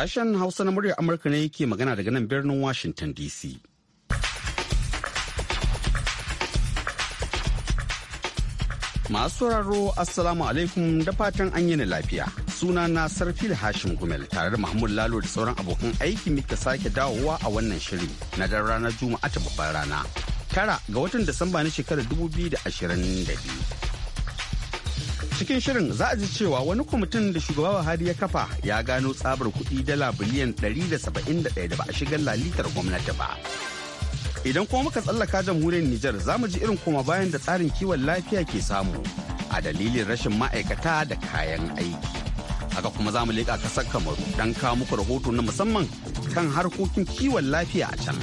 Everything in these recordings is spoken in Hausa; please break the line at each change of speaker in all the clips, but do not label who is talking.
Sashen Hausa na muryar Amurka ne yake magana daga nan birnin Washington DC. Masu sauraro Assalamu alaikum da fatan an yi lafiya. Suna na Sarfil Hashim Gumel tare da Mahmud Lalo da sauran abokan aiki muka sake dawowa a wannan shiri na dan ranar Juma'a ta babbar rana. Tara ga watan Disamba na shekarar 2022. cikin shirin za a ji cewa wani kwamitin da shugaba buhari ya kafa ya gano tsabar kuɗi dala biliyan 171 da ba a shigar lalitar gwamnati ba idan kuma muka tsallaka jamhuriyar nijar za mu ji irin koma bayan da tsarin kiwon lafiya ke samu a dalilin rashin ma'aikata da kayan aiki haka kuma za mu leƙa ƙasar kamaru don kawo muku rahoto na musamman kan harkokin kiwon lafiya a can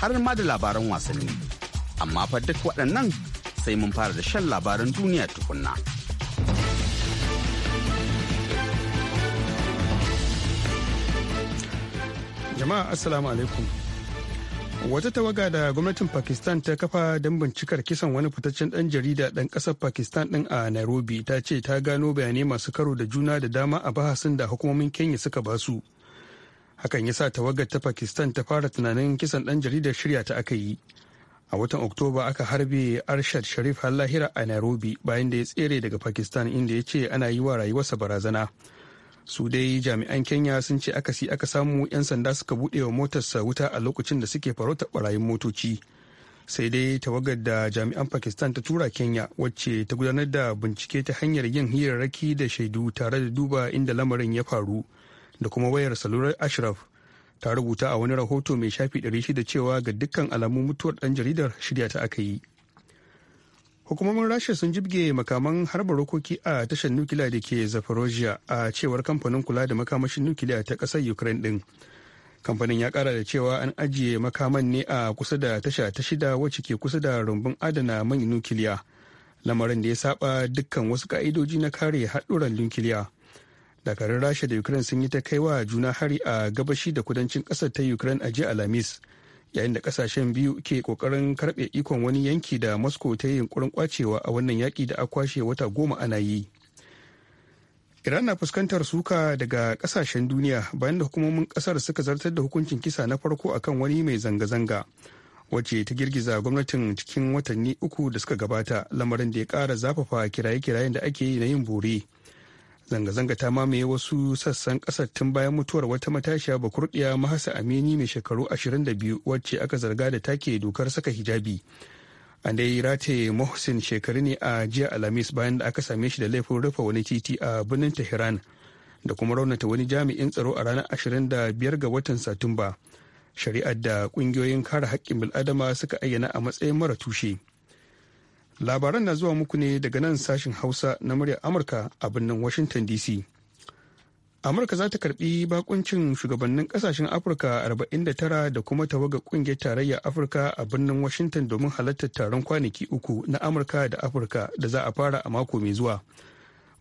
har ma da labaran wasanni amma fa duk waɗannan sai mun fara da shan labaran duniya tukunna. Jama'a Assalamu alaikum.
Wata tawaga da gwamnatin Pakistan ta kafa don bincikar kisan wani fitaccen ɗan jarida ɗan ƙasar Pakistan ɗin a Nairobi ta ce ta gano bayanai masu karo da juna da dama a bahasin da hukumomin Kenya suka ba su Hakan ya sa tawagar ta Pakistan ta fara tunanin kisan ɗan jaridar shirya ta aka yi. a watan oktoba aka harbe arshad sharif lahira a nairobi bayan da ya tsere daga pakistan inda ya ce ana yi wa rayuwarsa barazana su dai jami'an kenya sun ce akasi aka samu 'yan sanda suka buɗe wa motarsa wuta a lokacin da suke farauta barayin motoci sai dai tawagar da jami'an pakistan ta tura kenya wacce ta gudanar da bincike ta hanyar yin hirarraki da shaidu tare da duba inda lamarin ya faru da kuma wayar salurar ashraf ta rubuta a wani rahoto mai shafi 600 cewa ga dukkan alamu mutuwar dan jaridar shirya ta aka yi hukumomin rasha sun jibge makaman harba rokoki a tashar nukiliya da ke zaporozhia a cewar kamfanin kula da makamashin nukiliya ta kasar ukraine din kamfanin ya kara da cewa an ajiye makaman ne a kusa da tasha ta shida wacce ke kusa da rumbun adana man nukiliya lamarin da ya saba dukkan wasu ka'idoji na kare haɗuran nukiliya dakarun rasha da ukraine sun yi ta kaiwa juna hari a gabashi da kudancin ƙasar ta ukraine a jiya alhamis yayin da kasashen biyu ke kokarin karbe ikon wani yanki da moscow ta yi yunkurin kwacewa a wannan yaki da a kwashe wata goma ana yi iran na fuskantar suka daga kasashen duniya bayan da hukumomin kasar suka zartar da hukuncin kisa na farko akan wani mai zanga-zanga wacce ta girgiza gwamnatin cikin watanni uku da suka gabata lamarin da ya kara zafafa kiraye-kirayen da ake yi na yin bore zanga-zanga ta mamaye wasu sassan kasar tun bayan mutuwar wata matashiya bakurdiya mahasa amini mai shekaru 22 wacce aka zarga da take dokar saka hijabi an dai rataye mohsin shekaru ne a jiya alhamis bayan da aka same shi da laifin rufe wani titi a birnin tehran da kuma raunata wani jami'in tsaro a ranar 25 ga watan satumba shari'ar da kungiyoyin kare haƙƙin bil'adama suka ayyana a matsayin mara tushe. labaran na zuwa muku ne daga nan sashen hausa na muryar amurka a birnin washington dc amurka za ta karbi bakuncin shugabannin kasashen afirka 49 da kuma tawaga kungiyar tarayyar afirka a birnin washington domin halartar taron kwanaki uku na amurka da afirka da za a fara a mako mai zuwa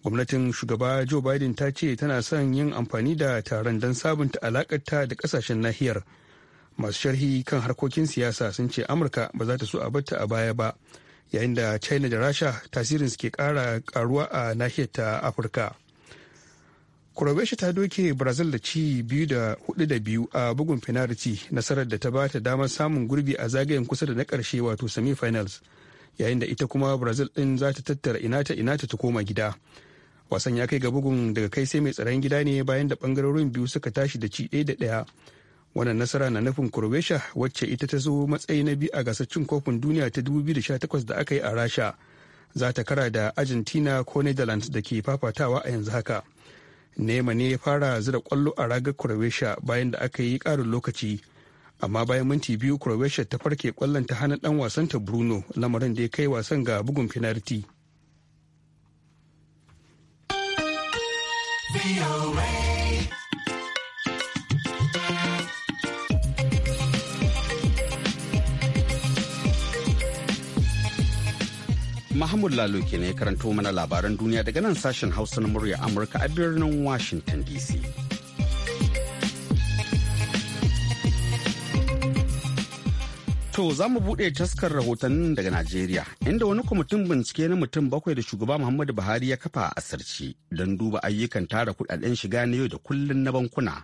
gwamnatin shugaba joe biden ta ce tana son yin amfani da taron don sabunta alakarta da kasashen nahiyar masu sharhi kan harkokin siyasa sun ce amurka ba za ta so a bata a baya ba yayin da china da rasha tasirin suke ke kara karuwa a nahiyar ta afirka croatia ta doke brazil da ci biyu da hudu da biyu a bugun penalty nasarar da ta ba ta damar samun gurbi a zagayen kusa da na karshe wato semi-finals yayin da ita kuma brazil din za ta tattara ina ta ina ta koma gida wasan ya kai ga bugun daga kai sai mai tsaron gida ne bayan da bangarorin biyu suka tashi da ci daya da ɗaya wannan nasara na nufin croatia wacce ita ta zo matsayi na biyu a gasar cin kofin duniya ta 2018 da aka yi a rasha za ta kara da argentina ko netherlands da ke fafatawa a yanzu haka nema ne ya fara zira kwallo a ragar croatia bayan da aka yi karin lokaci amma bayan minti biyu croatia ta farke kwallon ta hana dan wasan ta bruno lamarin da ya kai wasan ga bugun finarti.
Mahmud Lalo ke ne karanto mana labaran duniya daga nan sashen Hausa na murya Amurka a birnin Washington DC. To za mu buɗe taskar rahotannin daga Najeriya, inda wani kwamitin bincike na mutum bakwai da shugaba Muhammadu Buhari ya kafa a asirci don duba ayyukan tara kudaden shiga na yau da kullun na bankuna.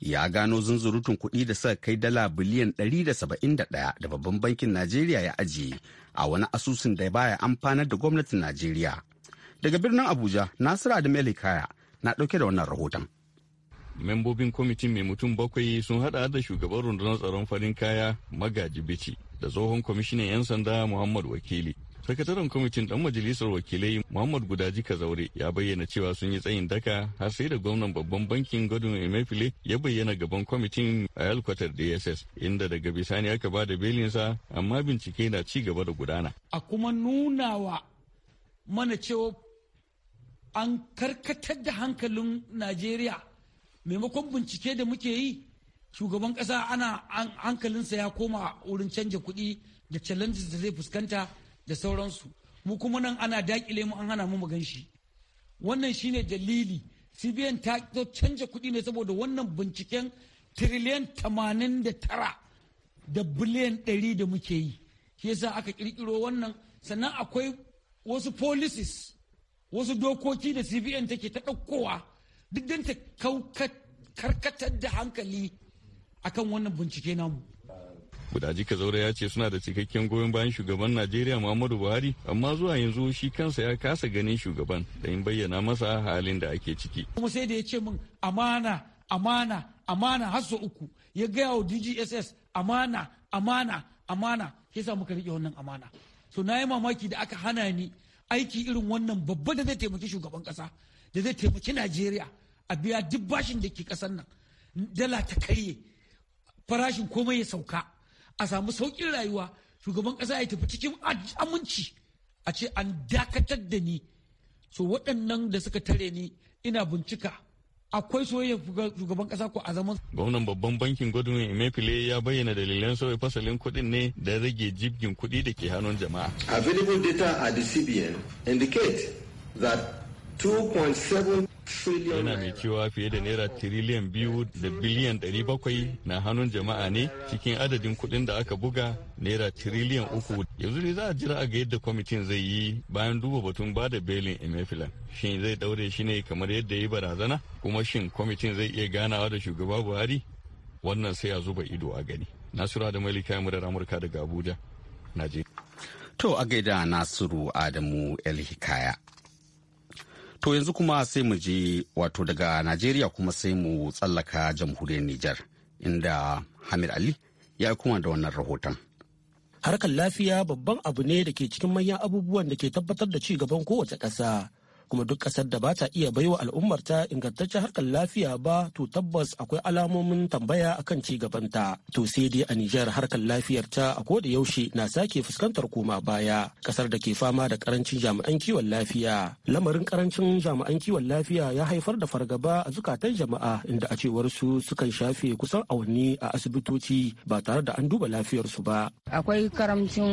Ya gano zunzurutun kuɗi da suka kai dala biliyan 171 da babban bankin Najeriya ya ajiye a wani asusun da baya amfanar da gwamnatin Najeriya. Daga birnin Abuja, Nasiru Adamu Kaya na ɗauke da wannan rahoton.
Membobin kwamitin mai mutum bakwai sun haɗa da shugaban rundunar tsaron farin kaya Magaji Bici da tsohon kwamishinan 'yan sanda Muhammad Wakili sakataren kwamitin dan majalisar wakilai muhammad gudaji kazaure ya bayyana cewa sun yi tsayin daka har sai da gwamnan babban bankin gudun emefile ya bayyana gaban kwamitin a yalkwatar dss inda daga bisani aka ba da belinsa amma bincike na ci gaba da gudana
a kuma nuna wa mana cewa an karkatar da hankalin najeriya maimakon bincike da muke yi shugaban kasa ana hankalinsa ya koma wurin canja kuɗi da challenges da zai fuskanta da sauransu mu kuma nan ana dakile mu an hana mu gan shi wannan shine dalili cbn ta zo canja kuɗi ne saboda wannan binciken tiriliyan tamanin da tara da biliyan ɗari da muke yi shi yasa aka ƙirƙiro wannan sannan akwai wasu policies wasu dokoki da cbn take ta ɗaukowa duk danta ta karkatar da hankali akan wannan bincike namu
Budaji zaura ya ce suna da cikakken goyon bayan shugaban Najeriya Muhammadu Buhari amma zuwa yanzu shi kansa ya kasa ganin shugaban da in bayyana masa halin da ake ciki.
Kuma sai da ya ce min amana amana amana har uku ya gaya wa DGSS amana amana amana ya sa muka riƙe wannan amana. So na yi mamaki da aka hana ni aiki irin wannan babba da zai taimaki shugaban kasa da zai taimaki Najeriya a biya duk bashin da ke kasan nan dala ta karye farashin komai ya sauka. a samu sauƙin rayuwa shugaban kasa ya tafi cikin aminci a ce an dakatar da ni so waɗannan da suka tare ni ina bincika akwai soyayyar shugaban kasa ko a zaman.
Gwamnan babban bankin Godwin emefile ya bayyana dalilan sauya fasalin kuɗin ne da rage jibgin kuɗi da ke hannun jama'a.
Available data at the CBN indicate that 2.7 yana
mai cewa fiye da naira tiriliyan biyu da biliyan ɗari bakwai na hannun jama'a ne cikin adadin kuɗin da aka buga naira tiriliyan uku yanzu ne za a jira a ga yadda kwamitin zai yi bayan duba batun ba da belin emefilan shin zai daure shi ne kamar yadda ya yi barazana kuma shin kwamitin zai iya ganawa da shugaba buhari wannan sai a zuba ido a gani nasura da malika murar amurka daga abuja naje. to a gaida nasiru adamu
el hikaya To yanzu kuma sai mu je wato daga Najeriya kuma sai mu tsallaka jamhuriyar Nijar inda Hamid Ali ya kuma da wannan rahoton.
Harkar lafiya babban abu ne da ke cikin manyan abubuwan da ke tabbatar da ci gaban kowace ƙasa. kuma duk ƙasar da ba ta iya baiwa al'ummarta ingantaccen harkar lafiya ba to tabbas akwai alamomin tambaya akan ci ta to sai dai a Nijar harkar lafiyar ta a koda yaushe na sake fuskantar koma baya ƙasar da ke fama da karancin jami'an kiwon lafiya lamarin karancin jami'an kiwon lafiya ya haifar da fargaba a zukatan jama'a inda a cewar su sukan shafe kusan awanni a asibitoci ba tare da an duba
lafiyarsu ba
akwai karamcin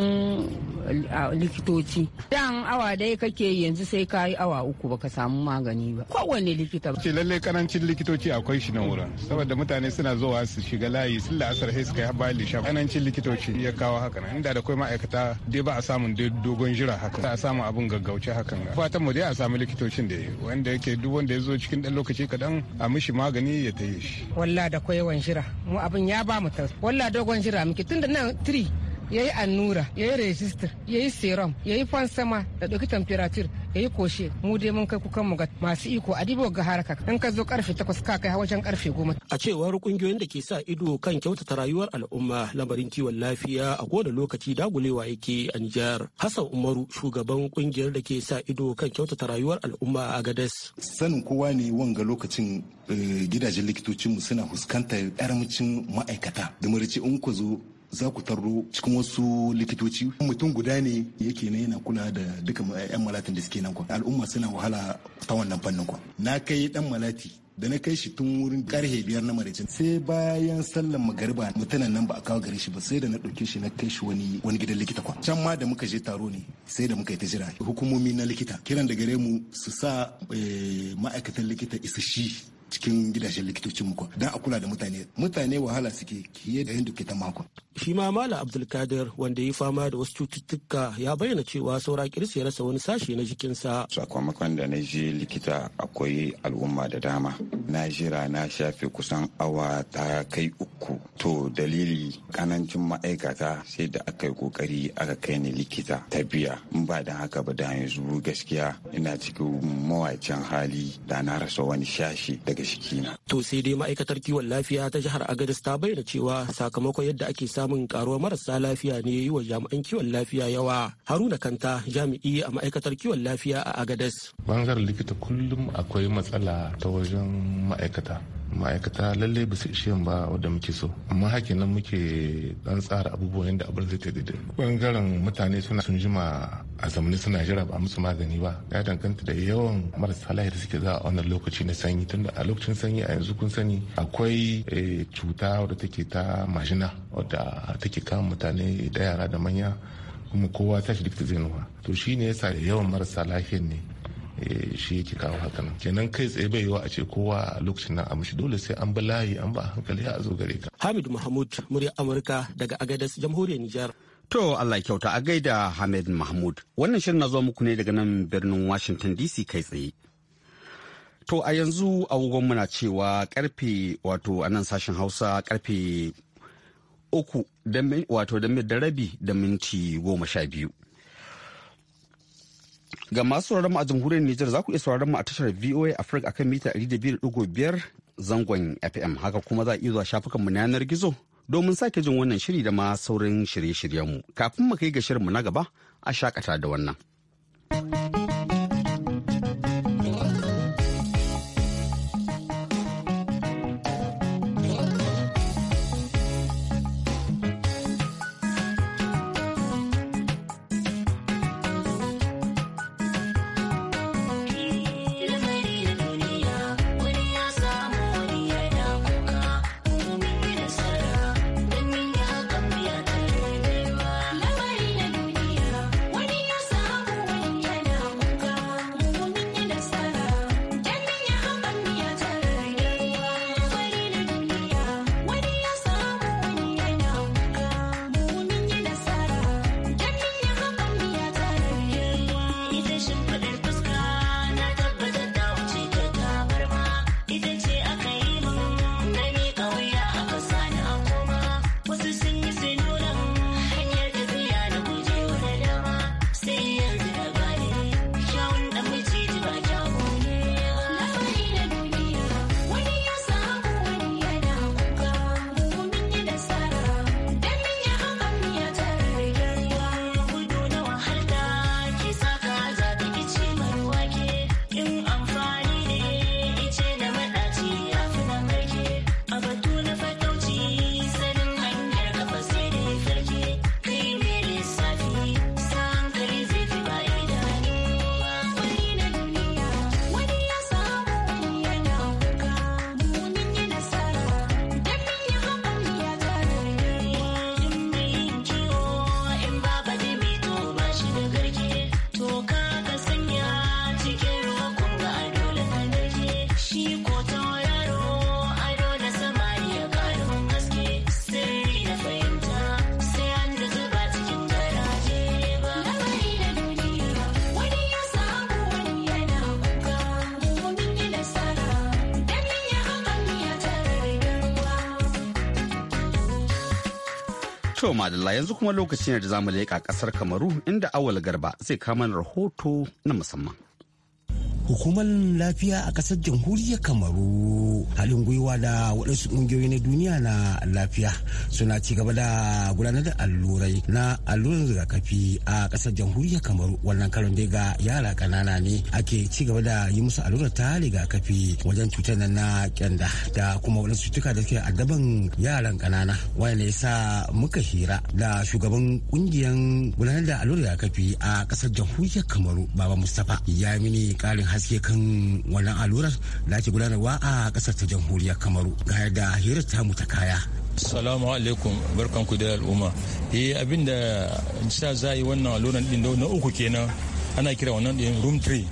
likitoci dan awa
dai kake yanzu sai ka yi awa uku baka samu magani ba kowanne likita
ba ce
lallai karancin likitoci akwai shi na wurin saboda mutane suna zuwa su shiga layi sun la'asar sai suka haɓa lisha karancin likitoci ya kawo haka nan inda da kai ma'aikata dai ba a samun dogon jira haka a samu abin gaggauce hakan fatan mu dai a samu likitocin da wanda yake duk wanda ya zo cikin dan lokaci kadan a mishi magani ya taye shi
walla da kai yawan jira mu abin ya ba mu ta walla dogon jira muke tunda nan tiri. ya yi annura ya yi rejistar ya yi serum ya yi fansama da ɗauki temperature ya yi koshe mu dai mun kai kukan mu ga masu iko a dibo ga haraka in ka zo karfe takwas ka kai wajen karfe goma. a cewar kungiyoyin da ke sa ido kan kyautata rayuwar al'umma lamarin kiwon lafiya a kowane lokaci dagulewa yake a nijar hassan umaru shugaban ƙungiyar
da ke sa ido kan kyautata rayuwar al'umma a gadas. sanin kowa ne wanga lokacin eh, gidajen likitocinmu suna fuskantar karamcin ma'aikata da marici in ku zo za ku tarro cikin wasu likitoci mutum guda ne yake ne yana kula da duka 'yan malatin da suke nan kwa al'umma suna wahala ta wannan fannin kwa na kai dan malati da na kai shi tun wurin karhe biyar na maraicin sai bayan sallan magariba mutanen nan ba a kawo gare shi ba sai da na ɗauke shi na kai shi wani wani gidan likita kwa can ma da muka je taro ne sai da muka yi ta jira hukumomi na likita kiran da gare mu su sa eh, ma'aikatan likita isa shi cikin gidajen likitocin muku don a kula da mutane mutane wahala suke kiye da yadda ke ta mako. shi
ma mala abdulkadir wanda ya fama da wasu cututtuka ya bayyana cewa saura kirsi ya rasa wani sashe
na jikinsa. sakamakon da na je likita akwai al'umma da dama na jira na shafe kusan awa ta kai uku to dalili kanancin ma'aikata sai da aka yi kokari aka kai ni likita ta biya in ba da haka ba da yanzu gaskiya ina cikin mawacin hali da na rasa wani shashi daga jikina.
To sai dai ma'aikatar kiwon lafiya ta jihar Agadez ta bayyana cewa sakamakon yadda ake samun karuwar marasa lafiya ne yi wa jami'an kiwon lafiya yawa. Haruna Kanta jami'i a ma'aikatar kiwon lafiya a Agadez.
Bangaren likita kullum akwai matsala ta wajen ma'aikata. ma'aikata lalle ba su ishe ba wadda muke so amma hakinan nan muke dan tsara abubuwan yadda abin zai daidai bangaren mutane suna sun jima a zamanin suna jira ba musu magani ba ya danganta da yawan marasa lafiya da suke za a wannan lokaci na sanyi tunda a lokacin sanyi a yanzu kun sani akwai eh, cuta wadda take ta majina wadda take kama mutane da yara da manya kuma kowa tashi likita zai nuna to shine yasa da yawan marasa lafiyan ne Eh, shi yake kawo hakan kenan kai tsaye bai yiwa a ce kowa a lokacin nan a mishi dole sai an bi layi an ba hankali a zo gare ka hamid mahmud murya amurka daga
agadas jamhuriyar nijar To Allah kyauta a gaida Hamid Mahmud. Wannan shirin na zo muku ne daga nan birnin Washington DC kai tsaye. To a yanzu agogon muna cewa karfe wato a nan sashen Hausa karfe uku wato da rabi da minti goma sha biyu. Ga masu sauraron mu a jamhuriyar Nijar za ku iya sauraron mu a tashar VOA Africa akan mita 200.5 zangon FM haka kuma za a iya zuwa shafukan mu na yanar gizo domin sake jin wannan shiri da ma sauran shirye-shiryen mu. Kafin mu kai ga shirin mu na gaba a shakata da wannan. To madalla yanzu kuma lokacin ne da zamu leƙa ƙasar Kamaru inda awal garba zai kama rahoto na musamman.
hukumar lafiya a kasar jamhuriyar kamaru halin gwiwa da waɗansu ƙungiyoyi na duniya na lafiya suna ci gaba da gudanar da allurai na alluran rigakafi a kasar jamhuriyar kamaru wannan karon dai ga yara ƙanana ne ake ci gaba da yi musu allurar ta rigakafi wajen cutar na kyanda da kuma waɗansu cutuka da suke addaban yaran ƙanana wanda ya sa muka hira da shugaban ƙungiyar gudanar da allurar rigakafi a kasar jamhuriyar kamaru baba mustapha ya mini ƙarin haske kan wannan allurar da ake gudanarwa a kasar ta jamhuriyar kamaru ga yadda hirar ta ta kaya
salamu alaikum barkanku da al'umma eh abinda sa za yi wannan allurar din na uku kenan ana kira wannan din room 3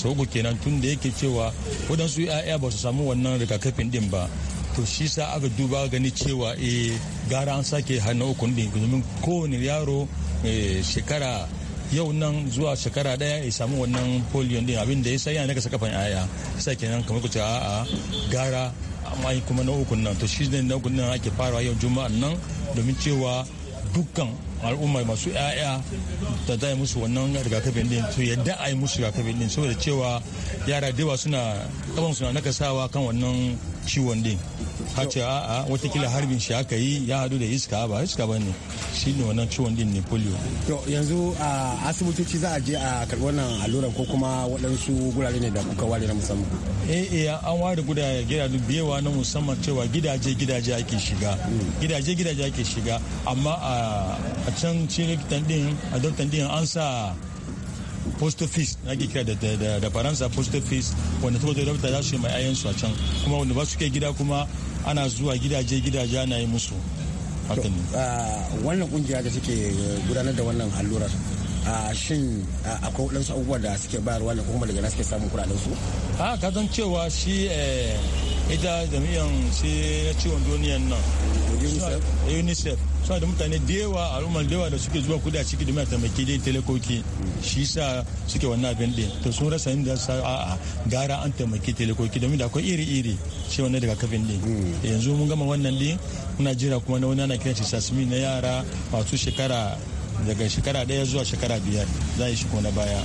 sau uku kenan tun da yake cewa waɗansu 'ya'ya ba su samu wannan rigakafin din ba to shi sa aka duba gani cewa e gara an sake hannu ukun din domin kowane yaro eh, shekara yau nan zuwa shekara daya ya samu wannan polio din abin da ya sai yana kasa kafan yaya sai kenan kamar ku ce a gara amma kuma na uku nan to shi ne na uku nan ake farawa yau juma'an nan domin cewa dukkan al'umma masu 'ya'ya da zai musu wannan rigakafin din to yadda a yi musu rigakafin din saboda cewa yara da yawa suna kaban suna nakasawa kan wannan ciwon din ka ce a watakila harbin shi aka yi ya hadu da iska ba iska ba ne shi ne wannan ciwon din ne polio
to yanzu a asibitoci za a je a karɓi wannan alluran ko kuma waɗansu gurare ne da kuka ware na musamman
eh eh an ware guda gidaje biyewa na musamman cewa gidaje gidaje ake shiga hmm. gidaje gidaje ake shiga amma a can ce likitan din a doktan din an sa post office na ake kira da faransa post office wanda saboda rabta za su yi mai su a can kuma wanda ba su ke gida kuma ana zuwa gidaje gidaje ana yi musu hakan
wannan kungiya da suke eh, gudanar da wannan allurar a shin akwai waɗansu abubuwa da suke bayarwa ne kuma daga na suke samun kuɗaɗen su
a ka cewa shi eh, ita jami'an sai na ciwon duniyan nan eh, unicef suna da mutane da yawa al'ummar da yawa da suke zuwa kuda ciki domin a taimaki dai telekoki shi sa suke wannan abin din to sun rasa inda sa a'a gara an taimaki telekoki domin da akwai iri-iri shi wannan daga kafin din hmm. yanzu mun gama wannan din muna jira kuma na wani ana kiran shi sasmi na yara masu shekara daga shekara daya zuwa shekara biyar za a yi shi na baya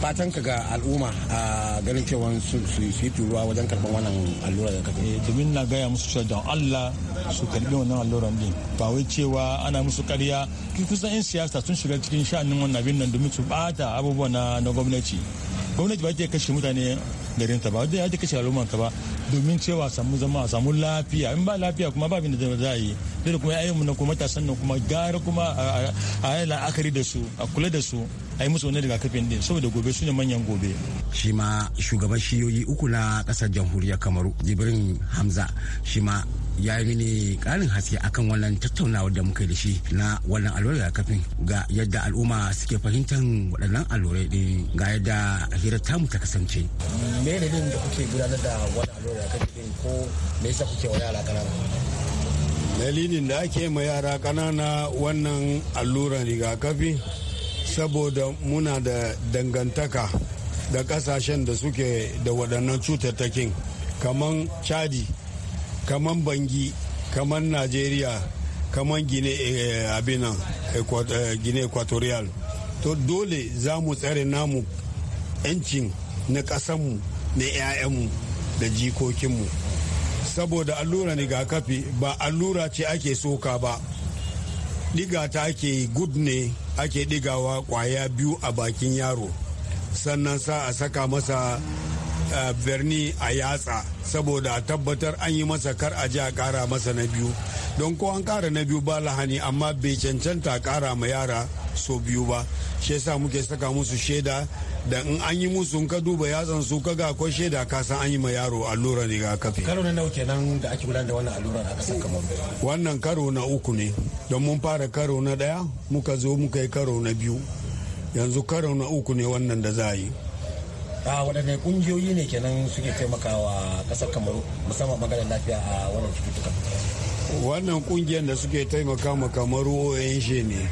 fatan ka ga al'umma a ganin cewa su yi turuwa wajen karban wannan allura da kafin
eh, domin na gaya musu cewa don allah su karɓi wannan alluran din ba wai cewa ana musu karya kusan 'yan siyasa sun shiga cikin sha'anin wannan abin nan domin su bata abubuwa na gwamnati gwamnati ba ta kashe mutane garin ta ba wajen ya kashe al'umman ta ba domin cewa samu zama a samu lafiya in ba lafiya kuma ba da za a yi dole kuma ya yi mu na kuma matasan nan kuma gara kuma a yi la'akari da su a kula da su a yi musu wani rigakafin din saboda gobe su ne manyan gobe.
shi ma shugaban shiyoyi uku na kasar jamhuriyar kamaru jibrin hamza shi ma ya yi mini karin haske akan wannan tattaunawar da muka da shi na wannan allurar rigakafin ga yadda al'umma suke fahimtar waɗannan allurai din ga yadda hirar tamu ta kasance.
me ne da kuke gudanar da wannan allurar rigakafin ko me yasa kuke wani yara ƙanana? dalilin da ake ma yara ƙanana wannan alluran rigakafi saboda muna da dangantaka da kasashen da suke da waɗannan cutattakin kaman chadi kaman bangi kaman nigeria kaman gine eh, abinan eh, gine equatorial to dole za mu tsare namu 'yancin na ƙasanmu na 'ya'yanmu da jikokinmu saboda allura rigakafi ba allura ce ake soka ba diga ta ake gud ne ake digawa kwaya biyu a bakin yaro sannan sa a saka masa birni a yatsa saboda a tabbatar an yi masa kar a ji a kara masa na biyu don ko an kara na biyu ba lahani amma bai cancanta kara ma yara so biyu ba shi yasa muke saka musu shaida da in an yi musu ka duba yatsan su kaga ko shaida ka san an yi ma yaro ga rigakafi karo na nau kenan da ake gudanar da wannan allura a kasar kamar wannan karo na uku ne don mun fara karo na daya muka zo muka yi karo na biyu yanzu karo na uku ne wannan da za a yi
a waɗanne ƙungiyoyi ne kenan suke taimakawa ƙasar kamaru musamman magana lafiya a wannan cututtukan
wannan ƙungiyar da suke taimaka ma kamaru oyan ne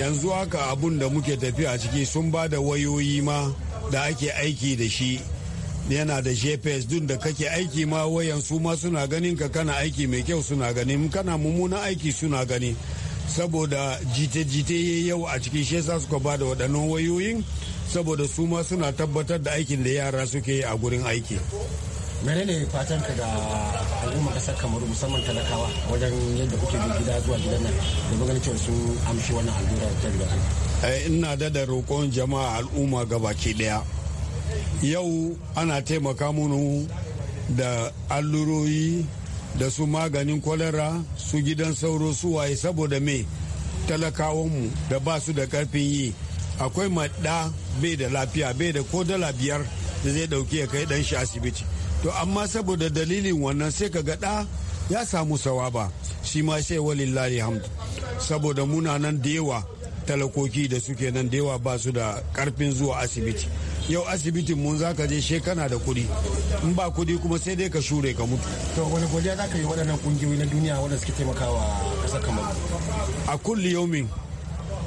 yanzu haka abun da muke tafiya ciki sun ba da wayoyi ma da ake aiki da shi yana da gps dun da kake aiki ma wayan su ma suna ganin ka kana aiki mai kyau suna gani kana mummunan aiki suna gani saboda jite-jite ya yau a cikin shi yasa suka ba da waɗannan wayoyin saboda su ma suna tabbatar da aikin da yara suke yi a gurin aiki
menene fatan ka ga al'umma kasar kamaru musamman talakawa wajen yadda kuke bi gida zuwa gidan nan da ganin cewa
sun amshi wannan allura ta rigakafi eh, ina da da roƙon jama'a al'umma gabaki daya yau ana taimaka munu da alluroyi da su maganin kwalara su gidan sauro su waye saboda me talakawanmu da ba su da karfin yi akwai maɗa bai da lafiya bai da ko dala biyar da zai ɗauki ya kai ɗan shi asibiti to amma saboda dalilin wannan sai ka gaɗa ya samu sawaba shi ma sai walillahi hamdu saboda muna nan da yawa talakoki da suke nan da yawa ba su da karfin zuwa asibiti yau asibitin mun za ka je shekana da kuɗi in ba kuɗi kuma sai dai ka shure ka mutu to wani godiya za ka yi waɗannan ƙungiyoyi na duniya waɗanda suke taimakawa ƙasar kamar a kulli yaumin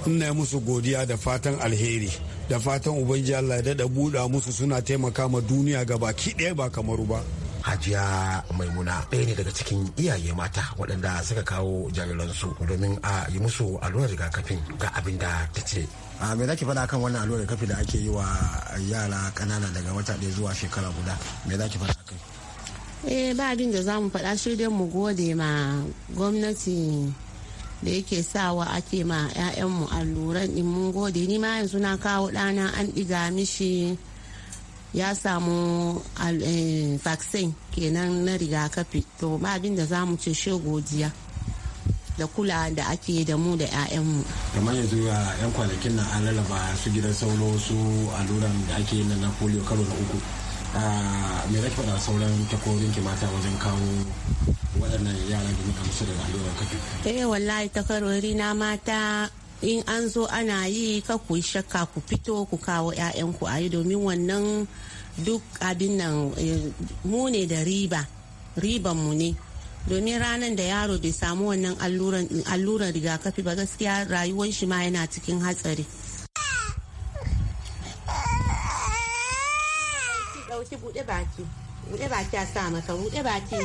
ina musu godiya da fatan alheri da fatan ubangiji allah ya dada buɗa musu suna taimaka ma duniya gaba baki ɗaya ba kamaru ba hajiya
maimuna ɗaya ne daga cikin iyaye mata waɗanda suka kawo jariransu domin a yi musu allurar rigakafin ga abin da ta ce a me zaki faɗa kan wannan allurar rigakafi da ake yi wa yara ƙanana daga wata ɗaya zuwa shekara guda me zaki faɗa kai
eh ba abin da za mu faɗa shi dai mu gode ma gwamnati da yake sawa ake ma 'ya'yanmu alluran din mun gode ni ma yanzu na kawo ɗana an ɗiga mishi ya samu eh, vaccine kenan na rigakafi to ba abin da za mu ce shi godiya da kula da ake da mu da 'ya'yanmu
kamar yanzu a 'yan kwanakin na an lalaba su gidan sauro su alluran da ake na polio karo na uku Ah, me zaki faɗa sauran takorin ke mata wajen kawo waɗannan yaran da muka musu da allurar kafi
eh wallahi takarori na mata in an zo ana yi ka ku shakka ku fito ku kawo 'ya'yanku a yi domin wannan duk abin nan eh, mu ne da riba riban mu ne domin ranar da yaro bai samu wannan alluran rigakafi ba gaskiya rayuwar shi ma yana cikin hatsari ɗauki buɗe baki buɗe baki a sa maka buɗe baki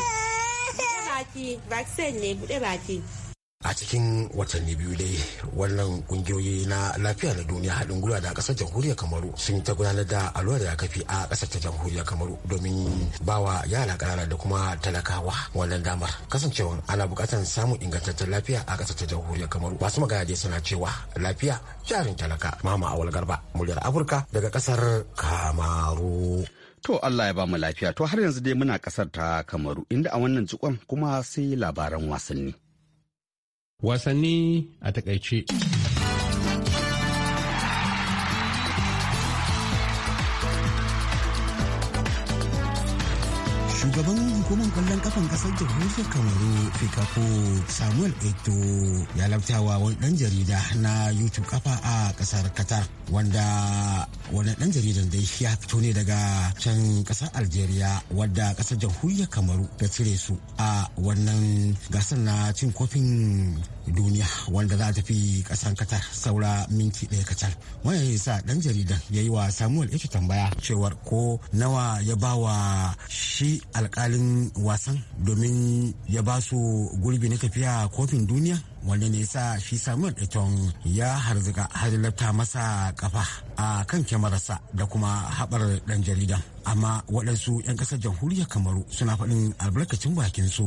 buɗe baki vaccine ne buɗe baki
a cikin watanni biyu dai wannan kungiyoyi na lafiya na duniya haɗin gwiwa da ƙasar jamhuriyar kamaru sun ta gudanar da allurar rigakafi a ƙasar ta jamhuriyar kamaru domin bawa yara ƙanana da kuma talakawa wannan damar Kasancewa ana buƙatar samun ingantaccen lafiya a ƙasar ta jamhuriyar kamaru masu magana
dai suna cewa lafiya jarin talaka mama awal garba muryar afirka daga ƙasar kamaru. To Allah ya ba mu lafiya. To har yanzu dai muna kasar ta Kamaru inda a wannan jikon kuma sai labaran wasanni.
Wasanni a takaice.
Shugaban hukumar kwallon kafan kasar jamhuriyar kamaru fikafo samuel eto ya laftawa wani dan jarida na youtube kafa a kasar qatar wanda wani dan jaridan dai ya fito ne daga can kasar algeria wadda kasar jamhuriyar kamaru ta cire su a wannan gasar na cin kofin duniya wanda za ta fi kasan katar saura minti ɗaya kacal wanda ya sa ɗan jaridan ya yi wa samuel eto tambaya cewar ko nawa ya bawa shi alkalin wasan domin ya ba su gurbi na tafiya kofin duniya wanda ne sa shi samuel eton ya harzika har lafta masa kafa a kan kyamararsa da kuma haɓar ɗan jaridan amma waɗansu 'yan ƙasar jamhuriyar kamaru suna faɗin albarkacin bakin su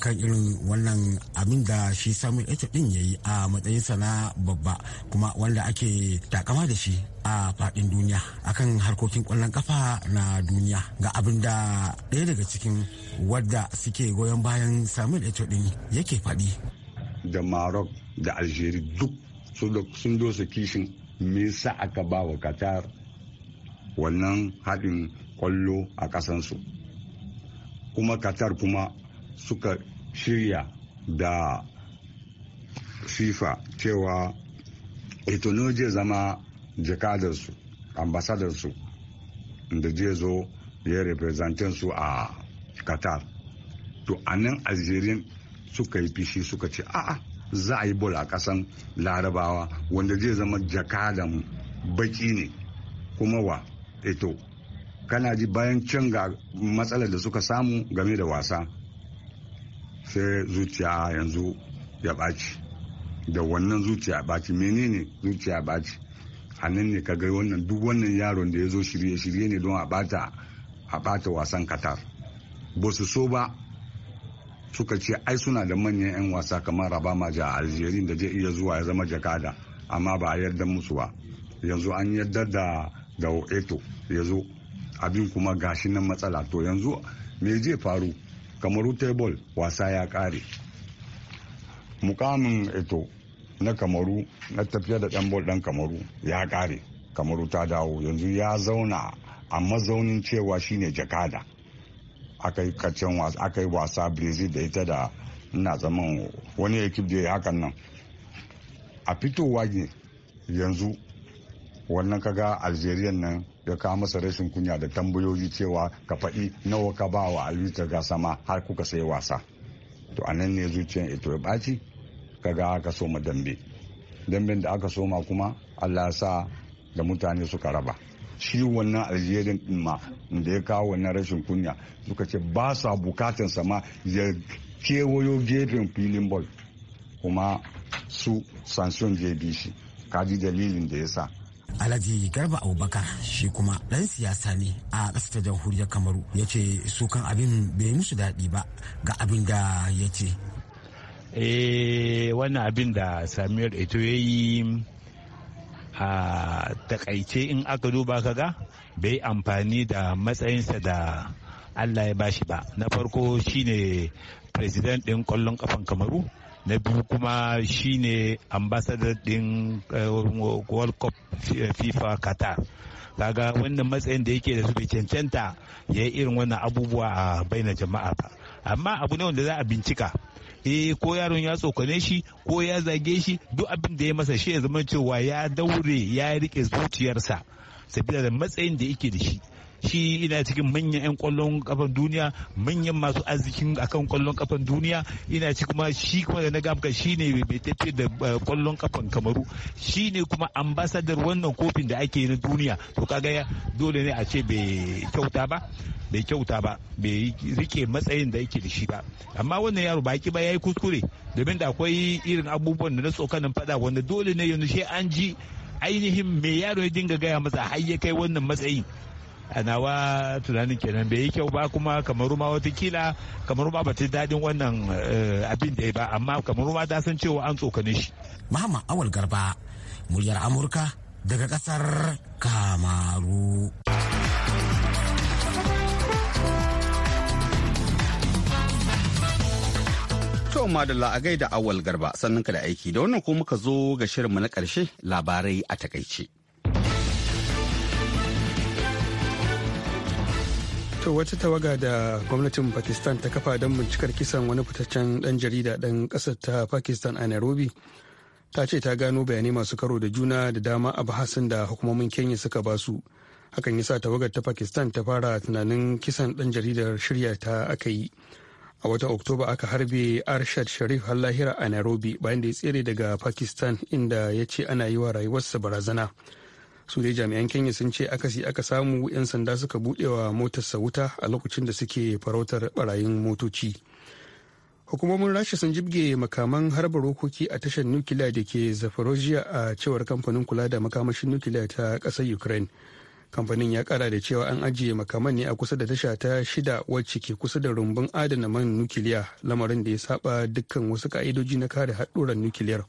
kan irin wannan abin da shi samuel eto ɗin ya yi a matsayinsa na babba kuma wanda ake takama da shi a faɗin duniya akan harkokin ƙwallon ƙafa na duniya ga abin da ɗaya daga cikin wadda suke goyon bayan samuel eto ɗin
yake faɗi da maroc da algeria duk sun dosa kishin me yasa aka ba wa qatar wannan haɗin kwallo a ƙasansu kuma qatar kuma suka shirya da fifa cewa itono je zama jakadarsu ambasadarsu da je zo ya representin su a qatar to a nan suka yi fishi suka ce a'a za a yi bol a kasan larabawa wanda zai zama jakadan baki ne kuma wa eto kana ji bayan can ga matsalar da suka samu game da wasa sai zuciya yanzu ya ɓaci da wannan zuciya ɓaci menene zuciya ɓaci a nan ne kaga wannan duk wannan yaron da ya zo shirye-shirye ne don a bata wasan katar ba su so ba suka ce ai suna da manyan 'yan wasa kamar ma ja algerin da zai iya zuwa ya zama jakada amma ba a yarda musu ba yanzu an yarda da da eto ya zo abin kuma gashi nan matsala to yanzu me zai faru kamaru table wasa ya kare mukamin eto na kamaru na tafiya da ɗan bol dan kamaru ya kare kamaru ta dawo yanzu ya zauna a mazaunin cewa shine jakada aka yi wasa aka yi wasa brazil da ita da ina zaman wani ekip da ya hakan nan a fitowa ne yanzu wannan kaga algeria nan ya kawo masa rashin kunya da tambayoyi cewa ka faɗi nawa ka ba wa ta gasa ma har kuka sai wasa to a nan ne zuciyan ito ya ɓaci kaga aka soma dambe damben da aka soma kuma allah sa da mutane suka raba shi wannan algerin din ma da ya kawo wannan rashin kunya suka ce ba sa bukatan sama ya kewayo gefen filin ball kuma su sanson jbc kaji dalilin da ya sa
Alhaji Garba Abubakar shi kuma dan siyasa ne a ƙasar ta jamhuriyar Kamaru ya ce su kan abin bai musu daɗi ba ga abin da
ya ce. Eh wannan abin da Samuel Eto ya yi a takaice in aka duba ka ga bai amfani da matsayinsa da allah ya bashi ba na farko shine president ɗin kwallon kafan kamaru na biyu kuma shine ambassador ɗin eh, world cup fifa qatar kaga wannan matsayin da yake da su bai cancanta ya yi irin wannan abubuwa a baina jama'a ba amma abu ne wanda za a bincika eh ko yaron ya tsokane shi ko ya zage shi duk abin da ya masa shi ya zama cewa ya daure ya rike zuciyarsa sabida da matsayin da yake da shi shi ina cikin manyan 'yan kwallon kafan duniya manyan masu arzikin akan kwallon kafan duniya ina ci kuma shi kuma da na gamka shi ne mai tafi da kwallon eh, kafan kamaru shi ne kuma ambasadar wannan kofin da ake na duniya to kaga dole ne a ce bai kyauta ba bai kyauta ba bai rike matsayin da yake da shi ba amma wannan yaro baki ba yayi kuskure domin da akwai irin abubuwan da na tsokanin fada wanda dole ne yanzu sai an ji ainihin me yaro ya dinga gaya masa har ya kai wannan matsayi a nawa tunanin kenan bai yi kyau ba kuma kamaru ma watakila kamaru ma bata daɗin wannan eh, abin da ya ba amma kamar ma ta san cewa an tsokane shi. mahama
Awal Garba muryar Amurka daga kasar Kamaru.
To madalla a gaida awal garba sannan ka da aiki da wannan ko muka zo ga shirinmu na ƙarshe labarai a takaice.
to wata tawaga da gwamnatin pakistan ta kafa don bincikar kisan wani fitaccen ɗan jarida ɗan kasar ta pakistan a nairobi ta ce ta gano bayanai masu karo da juna da dama a bahasin da hukumomin kenya suka ba su hakan yasa tawagar ta pakistan ta fara tunanin kisan ɗan jaridar shirya ta aka yi a watan oktoba aka harbe arshad sharif lahira a nairobi bayan da ya tsere daga pakistan inda ya ce ana yi wa rayuwarsa barazana su dai jami'an kenya sun ce akasi aka samu 'yan sanda suka wa motarsa wuta a lokacin da suke farautar barayin motoci hukumomin rasha sun jibge makaman harba rokoki a tashar nukiliya da ke zaporozhia a cewar kamfanin kula da makamashin nukiliya ta ƙasar ukraine kamfanin ya kara da cewa an ajiye makaman ne a kusa da tasha ta shida wacce ke kusa da rumbun adana man nukiliya lamarin da ya saba dukkan wasu ka'idoji na kare haɗuran nukiliyar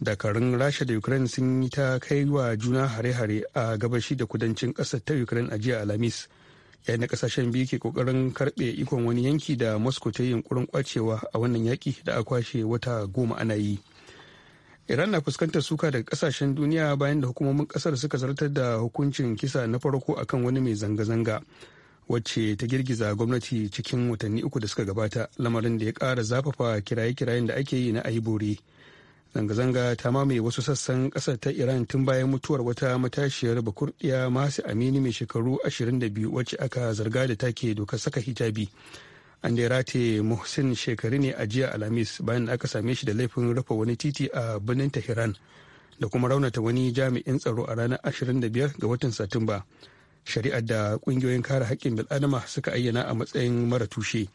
dakarun rasha da ukraine sun yi ta kai wa juna hare-hare a gabashi da kudancin ƙasar ta ukraine a jiya alhamis yayin da kasashen biyu ke kokarin karbe ikon wani yanki da moscow ta yi yunkurin kwacewa a wannan yaki da a kwashe wata goma ana yi iran na fuskantar suka daga kasashen duniya bayan da hukumomin kasar suka zartar da hukuncin kisa na farko akan wani mai zanga-zanga wacce ta girgiza gwamnati cikin watanni uku da suka gabata lamarin da ya kara zafafa kiraye-kirayen da ake yi na aibore. bore zanga-zanga ta mamaye wasu sassan kasar ta iran tun bayan mutuwar wata matashiyar bakurdiya masu amini mai shekaru 22 wacce aka zarga da take dokar saka hijabi an da rate muhsin shekaru ne a jiya alhamis bayan da aka same shi da laifin rufe wani titi a birnin tehran da kuma raunata wani jami'in tsaro a ranar 25 ga watan satumba shari'ar da kungiyoyin kare haƙƙin bil'adama suka ayyana a matsayin mara tushe.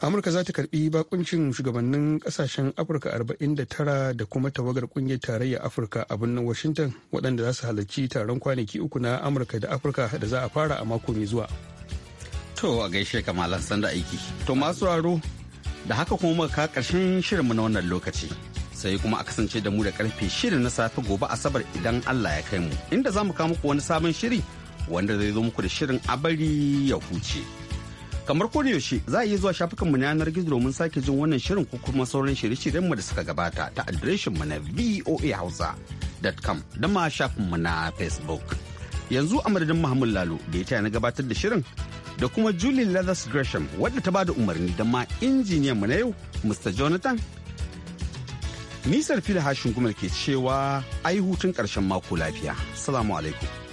amurka za ta karbi bakuncin shugabannin kasashen afirka 49 da kuma tawagar kungiyar tarayyar afirka a birnin washington waɗanda za su halarci taron kwanaki uku na amurka da afirka da za a fara a mako mai zuwa
to a gaishe kamalan sanda aiki to masu raro da haka kuma muka ka karshen shirinmu na wannan lokaci sai kuma a kasance da mu da karfe shirin na safe gobe asabar idan allah ya kai mu inda za mu kawo muku wani sabon shiri wanda zai zo muku da shirin abari ya huce. kamar ko yaushe za a iya zuwa shafukanmu na yanar gizo domin sake jin wannan shirin ko kuma sauran shirye-shiryenmu da suka gabata ta adireshinmu na voahausa.com da ma shafinmu na facebook yanzu a madadin muhammad lalo da ya taya na gabatar da shirin da kuma julie leathers gresham wadda ta bada umarni da ma injiniyan mu na yau mr jonathan nisar fili hashin gumar ke cewa ai hutun karshen mako lafiya salamu alaikum